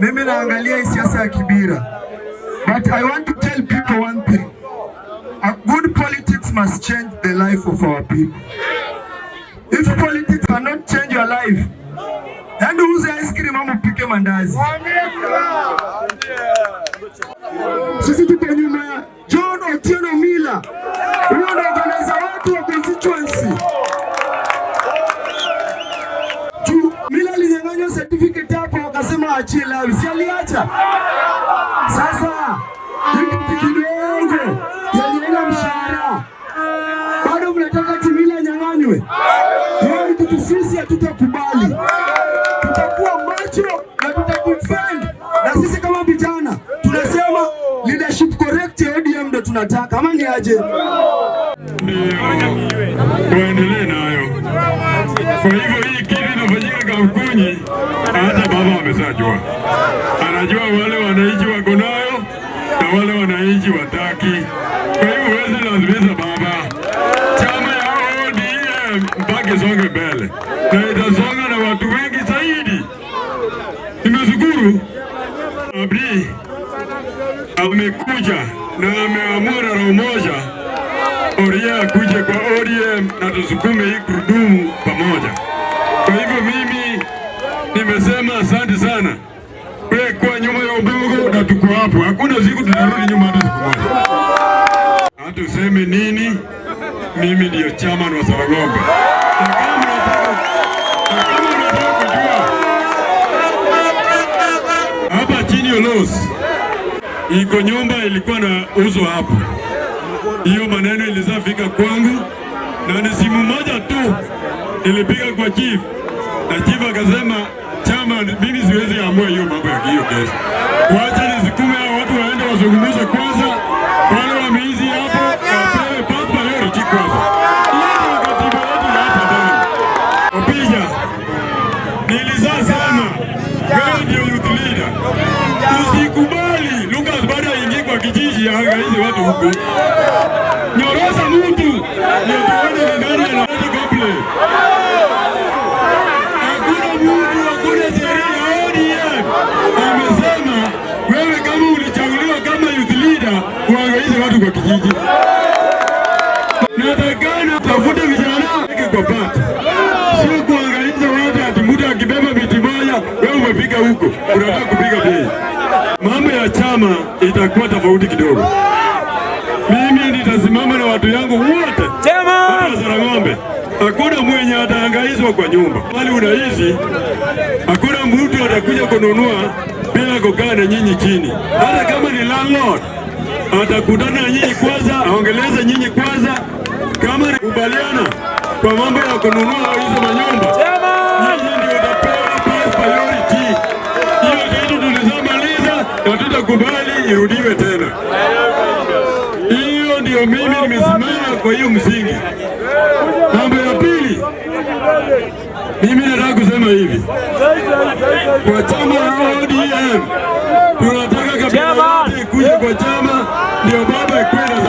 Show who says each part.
Speaker 1: mimi naangalia hii siasa ya kibira, but I want to tell people one thing. A good politics must change the life of our people. If politics cannot change your life, yaani uuze ice cream ama upike mandazi. Sisi tuko nyuma ya John Otieno Mila, huyo anaongoza watu wa constituency kabisa. Sasa ikipikigenge yalienda mshahara, bado mnataka Kimila nyang'anywe? Hiyo ni kitu sisi hatutakubali, tutakuwa macho na tutakufend. Na sisi kama vijana tunasema leadership correct ya ODM ndo tunataka, ama ni aje?
Speaker 2: Tuendelee nayo. Kwa hivyo hii kitu inafanyika Kamukunyi, hata baba ameshajua anajua wale wananchi wako nayo na wale wananchi wataki. Kwa hivyo huwezi lazimisha baba, chama ya ODM mpaka isonge mbele na itasonga na watu wengi zaidi. Nimeshukuru Abdi amekuja na ameamua na roho moja Oria akuje kwa ODM na tusukume hii gurudumu pamoja. Kwa hivyo mimi nyuma hata siku nini, mimi ndio chairman wa Saragombe. Hapa chini Olos iko nyumba ilikuwa na uzo hapo, hiyo maneno ilizafika kwangu, na ni simu moja tu ilipiga kwa chief, na chief akasema, chama mimi siwezi amua hiyo mambo ya hiyo kesi tuzungumze kwanza wale wameizi hapo, wapewe papa leo kiko hapo, katiba yetu hapa bana kupiga. Nilizaa sana wewe, ndio youth leader, usikubali Lucas baada aingie kwa kijiji aangaize watu huko. umepiga huko, unataka kupiga bei. Mambo ya chama itakuwa tofauti kidogo. Mimi nitasimama na watu yangu wote za Ng'ombe, hakuna mwenye atahangaizwa kwa nyumba bali unaizi. Hakuna mtu atakuja kununua bila kukaa na nyinyi chini, hata kama ni landlord atakutana na nyinyi kwanza, aongeleze nyinyi kwanza, kama kubaliana kwa mambo ya kununua hizo manyumba hatutakubali irudiwe tena. Hiyo ndiyo mimi nimesimama kwa hiyo msingi. Mambo ya pili, mimi nataka kusema hivi kwa chama ya ODM tunataka kabisa kuja kwa chama ndio baba ikwenda